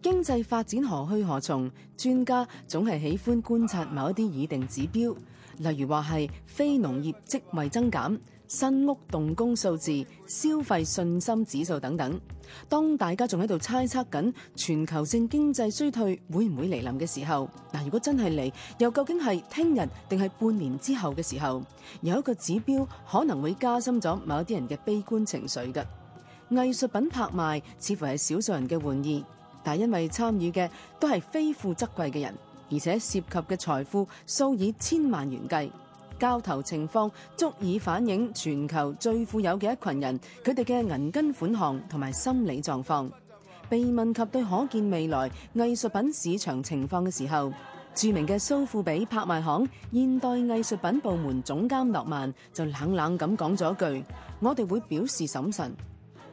經濟發展何去何從？專家總係喜歡觀察某一啲擬定指標，例如話係非農業職位增減、新屋動工數字、消費信心指數等等。當大家仲喺度猜測緊全球性經濟衰退會唔會嚟臨嘅時候，嗱，如果真係嚟，又究竟係聽日定係半年之後嘅時候，有一個指標可能會加深咗某一啲人嘅悲觀情緒嘅。藝術品拍賣，似乎係少數人嘅玩意。但因為參與嘅都係非富則貴嘅人，而且涉及嘅財富數以千萬元計，交投情況足以反映全球最富有嘅一群人，佢哋嘅銀根款項同埋心理狀況。被問及對可見未來藝術品市場情況嘅時候，著名嘅蘇富比拍賣行現代藝術品部門總監諾曼就冷冷咁講咗一句：「我哋會表示審慎。」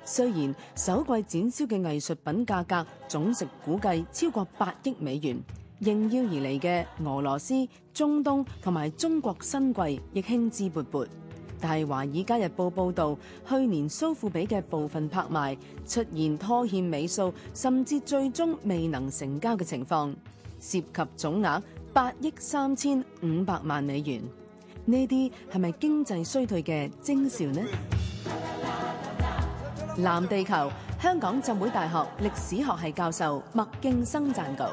雖然首季展銷嘅藝術品價格總值估計超過八億美元，應邀而嚟嘅俄羅斯、中東同埋中國新貴亦興致勃勃，但係《華爾街日報》報道去年蘇富比嘅部分拍賣出現拖欠尾數，甚至最終未能成交嘅情況，涉及總額八億三千五百萬美元。呢啲係咪經濟衰退嘅徵兆呢？藍地球，香港浸會大學歷史學系教授麥勁生撰稿。